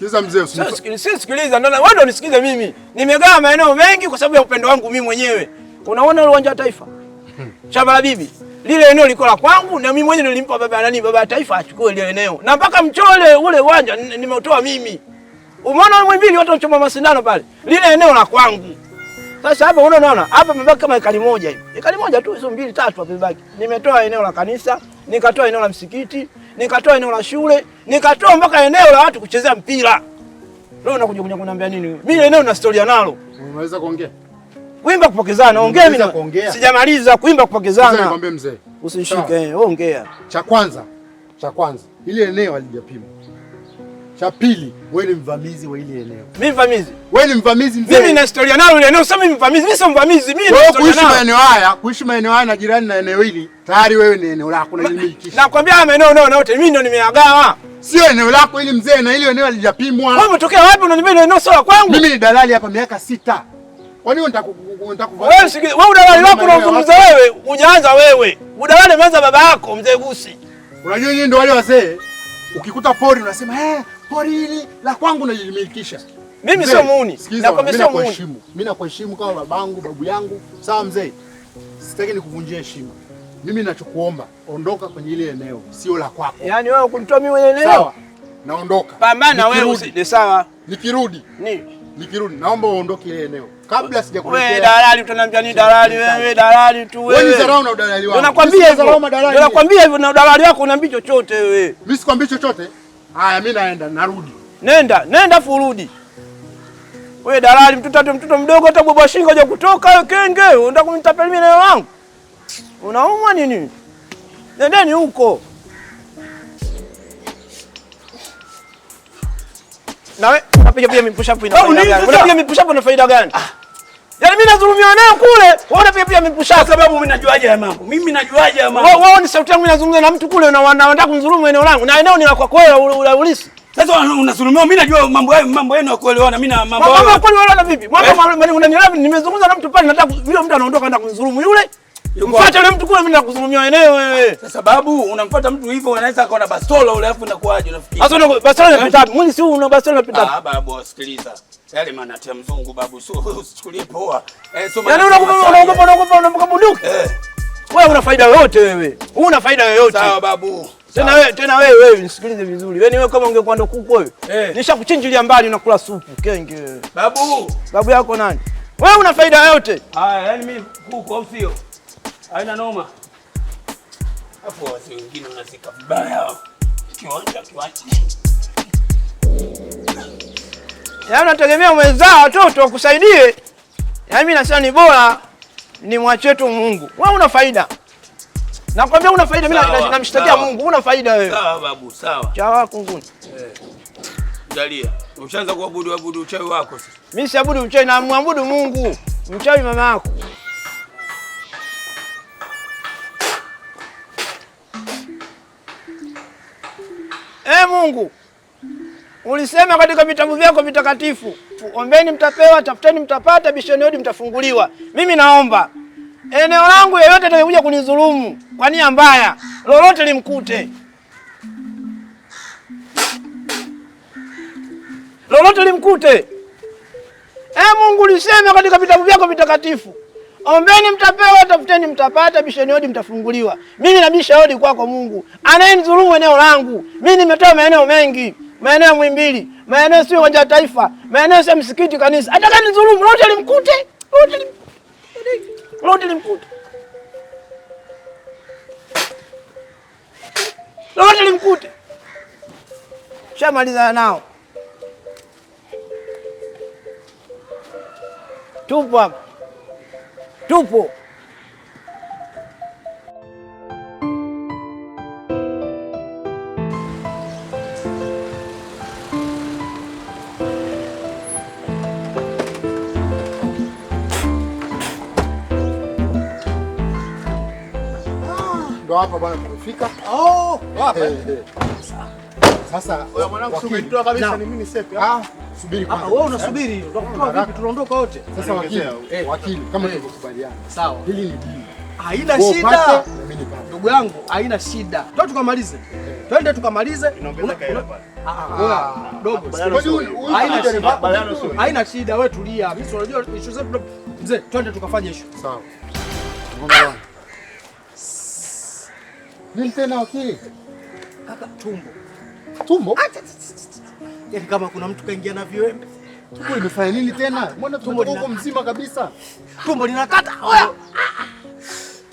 Sikiliza mzee, sikiliza. Wewe ndio nisikize mimi. Nimegawa maeneo mengi kwa sababu ya upendo wangu mimi mwenyewe. Unaona ile uwanja wa Taifa, shamba hmm. la bibi, lile eneo liko la kwangu, na mimi mwenyewe nilimpa baba nani, baba ya Taifa achukue lile eneo, na mpaka mchole ule uwanja nimeutoa mimi. Umeona wewe mwimbili watu wanachoma masindano pale, lile eneo la kwangu. Sasa hapa unaona hapa mabaki kama ekari moja hivi, ekari moja tu, hizo mbili tatu hapa mabaki. Nimetoa eneo la kanisa, nikatoa eneo la msikiti nikatoa eneo la shule, nikatoa mpaka eneo la watu kuchezea mpira. Leo nakuja kuja kuniambia nini? Mimi eneo na historia nalo. Unaweza kuongea? Kuimba kupokezana, ongea mimi. Sijamaliza kuimba kupokezana. Nikwambie mzee. Usishike, eh, ongea. Cha kwanza, cha kwanza. Ile eneo alijapima. Cha pili, wewe ni mvamizi wa ile eneo. Mimi mvamizi? Wewe ni mvamizi mzee. Mimi na historia nayo ile eneo, sio mimi mvamizi. Mimi sio mvamizi. Mimi wewe kuishi maeneo haya, kuishi maeneo haya na jirani na eneo hili, tayari wewe ni eneo lako na nilimiliki. Nakwambia haya maeneo nao naote, mimi ndio nimeagawa. Sio eneo lako ili mzee, na ile eneo halijapimwa. Wewe umetokea wapi unaniambia ile eneo sio la kwangu? Mimi ni dalali hapa miaka sita. Kwa nini unataka unataka wewe udalali wako unaozungumza wewe, unaanza wewe. Udalali umeanza baba yako mzee Gusi. Unajua nyinyi ndio wale wazee. Ukikuta pori unasema eh, pori hili la kwangu nalilimilikisha mimi, sio muuni. Mimi nakuheshimu kama babangu, babu yangu, sawa mzee. Sitaki nikuvunjie heshima. Mimi nachokuomba ondoka kwenye ile eneo, sio la kwako. Yaani wewe kunitoa mimi kwenye eneo? Sawa. Naondoka. Pambana wewe usije, sawa. Nikirudi. ni Nikirudi naomba uondoke ile eneo. Kabla sijakuletea. Wewe dalali utaniambia ni dalali wewe dalali tu wewe. Wewe ni dharau na udalali wako. Nakwambia hivyo. Nakwambia hivyo na udalali wako unaambia chochote wewe. Mimi sikwambii chochote. Haya, mimi naenda, narudi. Nenda, nenda afu urudi. Wewe dalali, mtoto mtoto mdogo, hata boba shingo haja kutoka wewe, kenge unataka kunitapeli mimi na wangu? Unaumwa nini? Nendeni huko. wewe unapiga piga mipushapu ina faida gani? Unapiga mipushapu ina faida gani? Ah. Yaani mimi nadhulumiwa naye kule, wewe pia pia mipusha. Kwa sababu mimi najuaje ya mambo? Mimi najuaje ya mambo? Wewe ni sauti yangu nazungumza na mtu kule na wanataka kumdhulumu eneo langu. Na eneo ni la kwako wewe ulisi. Sasa unadhulumiwa, mimi najua mambo yao, mambo yenu kuelewana. Mimi na mambo yao. Mambo yako kuelewana vipi? Mambo mimi unanielewa, nimezungumza na mtu pale nataka yule mtu anaondoka anaenda kumdhulumu yule. Mfuate yule mtu kule, mimi nakuzungumzia eneo wewe. Kwa sababu unamfuata mtu hivyo, anaweza akawa na bastola ule, alafu inakuwaje unafikiri? Sasa bastola inapita. Mimi si una bastola inapita. Ah, babu sikiliza. Sali yaani manatia mzungu babu, sio usichukulie poa. Eh, sio maana yaani unakupa unakupa unakupa unamkabuduka. Eh. Wewe una faida yoyote wewe. Una faida yoyote. Sawa babu. Tena wewe tena wewe wewe nisikilize vizuri. Wewe wewe kama ungekuwa ndo kuku wewe. Eh. Nishakuchinjilia mbali unakula supu kenge. Babu. Babu yako nani? Wewe una faida yoyote. Haya, yani mimi kuku au sio? Haina noma. Hapo watu wengine unazika vibaya. Kiwanja kiwanja yaani nategemea mwenzao watoto wakusaidie. Yaani mimi nasema ni bora ni mwachie tu Mungu. Wewe una faida, nakwambia una faida. Mimi namshtakia Mungu, una faida wewe. Sawa babu, sawa chawa kunguni Dalia, eh, ushaanza kuabudu abudu uchawi wako sasa. Mimi siabudu uchawi na muabudu Mungu. Mchawi mama yako. Eh, Mungu Ulisema katika vitabu vyako vitakatifu, ombeni mtapewa, tafuteni mtapata, bishoni hodi mtafunguliwa. Mimi naomba eneo langu yeyote atakayekuja kunidhulumu kwa nia mbaya, lolote limkute, lolote limkute. E Mungu, ulisema katika vitabu vyako vitakatifu, ombeni mtapewa, tafuteni mtapata, bishoni hodi mtafunguliwa. Mimi nabisha hodi kwako, kwa Mungu, anayenidhulumu eneo langu. Mimi nimetoa maeneo mengi maeneo ya Mwimbili, maeneo sio uwanja wa Taifa, maeneo sio msikiti, kanisa. Hata kama nizulumu lote limkute, lote limkute, lote limkute. Shamaliza nao, tupo hapa, tupo hapa bwana tumefika. Oh, wapi? Eh, eh. Sasa mwanangu subiri kabisa ni mimi sepe. Ah, subiri kwanza. Ah, Wewe unasubiri, tutakutoa eh, vipi? Tunaondoka wote. Sasa wakili, wakili kama tulivyokubaliana. Sawa. Hili ni dili. Haina shida. Ndugu yangu, haina shida. Twende tukamalize. Twende tukamalize. Haina shida, wewe tulia. Mimi unajua issue zetu mzee, twende tukafanye issue. Sawa. Ah. Nini tena wakili? Kaka tumbo. Tumbo? Yaani kama kuna mtu kaingia na viwembe. Tumbo imefanya nini tena? Mbona tumbo lako mzima kabisa? Tumbo linakata.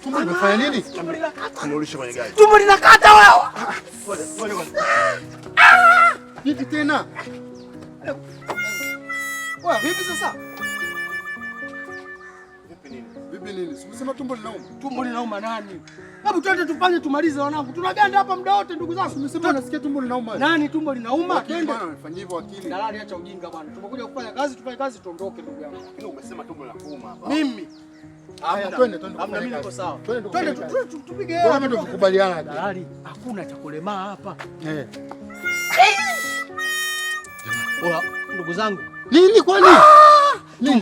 Tumbo imefanya nini? Tumbo linakata. Tunarudisha kwenye gari. Tumbo linakata wewe. Pole pole bwana. Nini tena? Wewe vipi sasa? sijui nini. Sema tumbo linauma. Tumbo linauma nani? Hebu twende tufanye tumalize wanangu. Tunaganda hapa muda wote ndugu zangu. Umesema nasikia tumbo linauma. Nani tumbo linauma? Twende. Bwana amefanyia hivyo akili. Dalali acha ujinga bwana. Tumekuja kufanya kazi, tufanye kazi tuondoke ndugu yangu. Lakini umesema tumbo linauma hapa. Mimi. Haya twende twende. Hamna mimi niko sawa. Twende tupige hela. Bwana ndio tukubaliana. Dalali hakuna cha kulemaa hapa. Eh. Ndugu zangu. Nini kwani? Ah! Ah,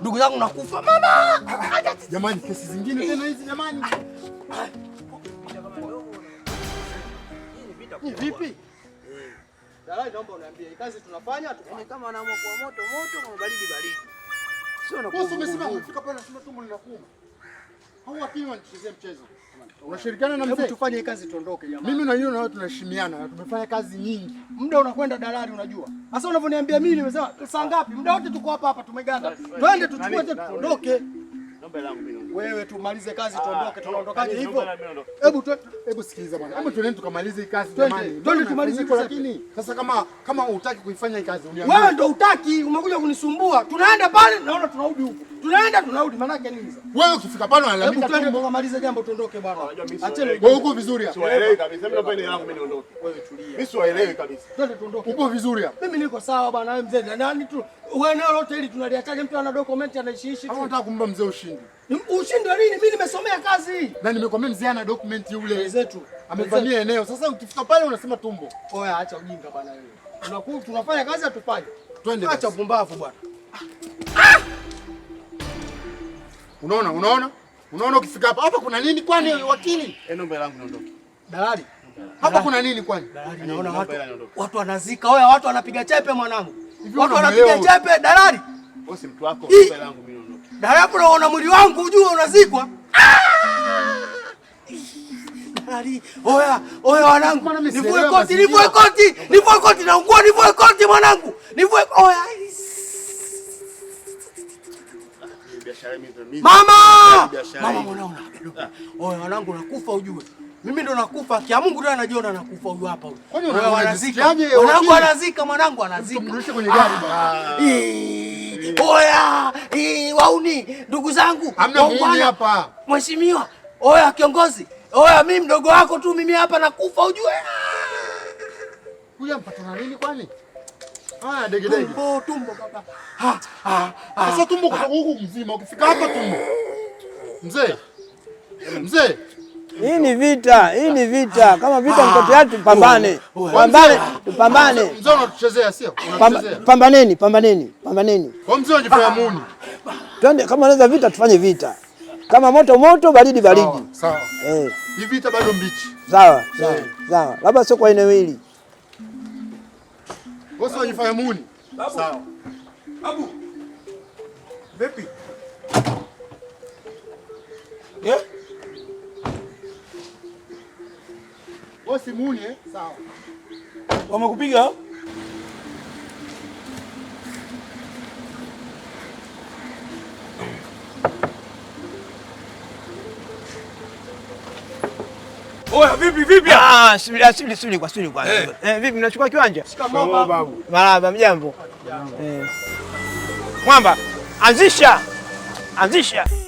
ndugu zangu nakufa mama. Jamani, kesi zingine tena hizi jamani. Vipi? Dalai, naomba uniambie kazi tunafanya tufanye yaani kama anaamua kwa moto moto, kwa baridi baridi. Sio na. Umesema umefika pale, nasema tumbo linakuuma. Unashirikiana na mzee. Tufanye kazi tuondoke jamaa. Mimi na yeye na wewe tunaheshimiana na tumefanya kazi nyingi. Muda unakwenda dalali unajua. Sasa unavyoniambia mimi nimesema saa ngapi? Muda wote tuko hapa hapa tumeganda. Twende tuchukue tuondoke. Naomba langu mimi wewe tumalize kazi ah, tuondoke. Tunaondokaje hivyo? Hebu hebu sikiliza bwana, hebu twende tukamalize hii kazi jamani, twende tumalize hivyo. Lakini sasa kama kama hutaki kuifanya hii kazi, uniambie wewe. Ndio hutaki, umekuja kunisumbua. Tunaenda pale, naona tunarudi huko, tunaenda tunarudi, maana yake nini? Sasa Wewe ukifika pale unalalamika. Hebu twende tukamalize jambo, tuondoke bwana. Ah, Acheni wewe, uko vizuri hapa? Siwaelewi kabisa mimi, naomba ile yangu mimi niondoke. Wewe tulia, mimi siwaelewi kabisa. Twende tuondoke. Uko vizuri hapa? Mimi niko sawa bwana, wewe mzee, Na nani tu wewe, nalo hoteli tunaliachaje? Mtu ana document anaishiishi tu, hata kumpa mzee ushindi Ushindwe nini? Mimi nimesomea kazi. Na nimekwambia mzee ana document yule. Wenzetu amevamia eneo. Sasa ukifika pale unasema tumbo. Oya, acha ujinga bwana wewe. Tunakuwa tunafanya kazi atufanye. Twende. Acha pumbavu bwana. Ah! Unaona, unaona? Unaona ukifika hapa hapa kuna nini kwani wakili? Eno eh, mbele yangu niondoke. Dalali. Hapa kuna nini kwani? Yaani, naona watu. Watu wanazika. Oya, watu wanapiga chepe mwanangu. Watu wanapiga chepe, dalali. Wewe si mtu wako, mbele yangu mimi na hapo naona mwili wangu ujue unazikwa. Dalali, oya, oya wanangu. Nivue koti, nivue koti, nivue koti na naungua, nivue koti mwanangu. Nivue oya. Mama! Mama mwanangu. Oya wanangu nakufa ujue. Mimi ndo nakufa kia Mungu ndo anajiona nakufa huyu hapa huyu. Oya wanazika. Yaani wanangu anazika, mwanangu anazika. Tumrudishe kwenye gari bwana. Ah. Oya wauni, ndugu zangu, oh, hapa mheshimiwa. Oya kiongozi, oya mimi mdogo wako tu, mimi hapa nakufa ujue. Huyu mpatana nini kwani? Haya dege dege. Tumbo tumbo baba. Ha ha. Sasa tumbo kwa huku mzima ukifika hapa tumbo. Mzee. Mzee. Hii ni vita, hii ni vita. Kama vita mko tayari tupambane. Pambane, tupambane. Mzee unatuchezea sio? Unatuchezea. Pambaneni, pambaneni, pambaneni. Kwa mzee unajifanya muuni. Twende kama naweza vita tufanye vita. Kama moto moto, baridi baridi. Sawa. Eh. Hii vita bado mbichi. Sawa, eh. sawa, sawa. Labda sio kwa eneo hili. Wewe unajifanya muuni. Sawa. Abu. Vipi? bosi munye. Sawa. Wamekupiga? Oya, vipi vipi? Ah, subiri ah, kwa subiri kwa. Eh. eh, vipi mnachukua kiwanja? Shikamoo babu. Marahaba, mjambo. Eh. Mwamba, anzisha. Anzisha.